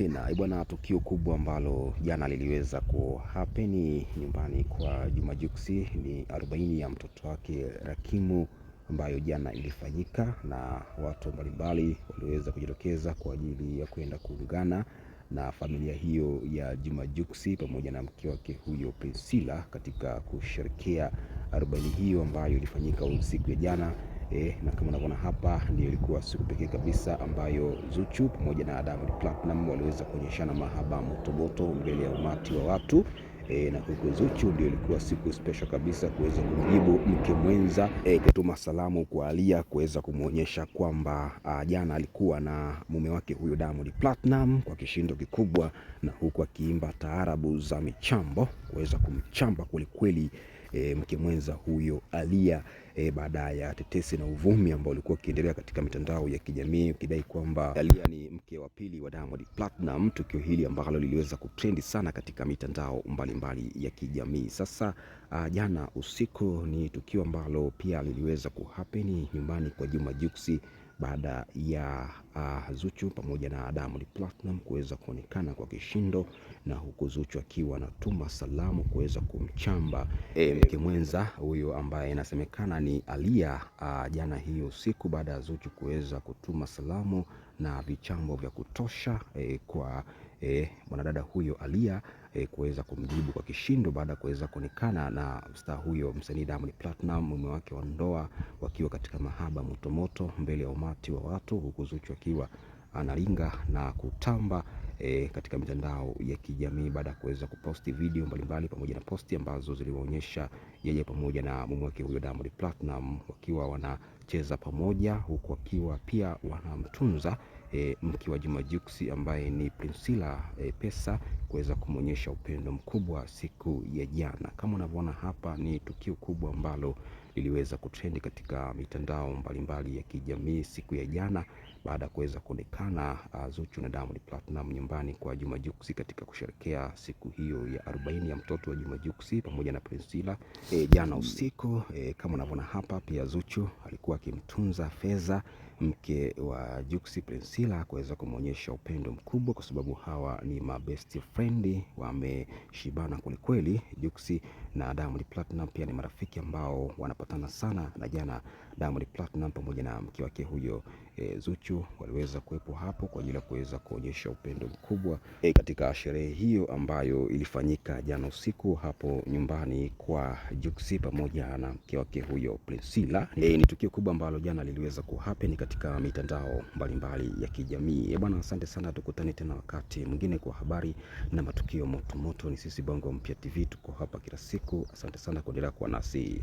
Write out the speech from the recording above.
tena eh, bwana, tukio kubwa ambalo jana liliweza kuhapeni nyumbani kwa Juma Juksi ni arobaini ya mtoto wake Rakimu ambayo jana ilifanyika na watu mbalimbali waliweza kujitokeza kwa ajili ya kwenda kuungana na familia hiyo ya Juma juksi pamoja na mke wake huyo Priscilla katika kusherekea arobaini hiyo ambayo ilifanyika siku ya jana eh, na kama unavyoona hapa ndio ilikuwa siku pekee kabisa ambayo Zuchu pamoja na Diamond Platnumz waliweza kuonyeshana mahaba motomoto mbele ya umati wa watu. E, na huku Zuchu ndio ilikuwa siku special kabisa kuweza kumjibu mke mwenza e, kutuma salamu kwa Alia kuweza kumwonyesha kwamba ah, jana alikuwa na mume wake huyo Diamond Platinum kwa kishindo kikubwa, na huku akiimba taarabu za michambo kuweza kumchamba kwelikweli e, mke mwenza huyo alia e, baada ya tetesi na uvumi ambao ulikuwa ukiendelea katika mitandao ya kijamii ukidai kwamba alia ni mke wa pili wa Diamond Platinum, tukio hili ambalo liliweza kutrendi sana katika mitandao mbalimbali mbali ya kijamii. Sasa uh, jana usiku ni tukio ambalo pia liliweza kuhapeni nyumbani kwa Juma juksi baada ya uh, Zuchu pamoja na Diamond Platinum kuweza kuonekana kwa kishindo, na huku Zuchu akiwa anatuma salamu kuweza kumchamba e, mke mwenza huyo ambaye inasemekana ni Alia uh, jana hiyo usiku, baada ya Zuchu kuweza kutuma salamu na vichambo vya kutosha e, kwa e, mwanadada huyo alia e, kuweza kumjibu kwa kishindo baada ya kuweza kuonekana na mstaa huyo msanii Diamond Platnumz mume wake wa ndoa wakiwa katika mahaba motomoto mbele ya umati wa watu, huku Zuchu akiwa analinga na kutamba e, katika mitandao ya kijamii baada ya kuweza kuposti video mbalimbali pamoja na posti ambazo ziliwaonyesha yeye pamoja na mume wake huyo Diamond Platnumz wakiwa wanacheza pamoja, huku wakiwa pia wanamtunza e, eh, mke wa Juma Jux ambaye ni Priscilla e, Pesa kuweza kumwonyesha upendo mkubwa siku ya jana. Kama unavyoona hapa, ni tukio kubwa ambalo liliweza kutrendi katika mitandao mbalimbali ya kijamii siku ya jana baada ya kuweza kuonekana ah, Zuchu na Diamond Platinum nyumbani kwa Juma Jux katika kusherekea siku hiyo ya 40 ya mtoto wa Juma Jux pamoja na Priscilla e, jana usiku e, kama unavyoona hapa pia Zuchu alikuwa akimtunza Feza mke wa Jux Priscilla Priscilla kuweza kumwonyesha upendo mkubwa, kwa sababu hawa ni mabest friend, wameshibana kwelikweli. Jux na Diamond Platnumz pia ni marafiki ambao wanapatana sana, na jana Diamond Platnumz pamoja na mke wake huyo e, Zuchu waliweza kuwepo hapo kwa ajili ya kuweza kuonyesha upendo mkubwa e, katika sherehe hiyo ambayo ilifanyika jana usiku hapo nyumbani kwa Jux pamoja na mke wake huyo Priscilla. E, ni tukio kubwa ambalo jana liliweza kuhappen katika mitandao mbalimbali mbali ya kijamii. Eh, bwana, asante sana, tukutane tena wakati mwingine kwa habari na matukio motomoto. Ni sisi Bongo Mpya TV, tuko hapa kila siku. Asante sana kuendelea kuwa nasi.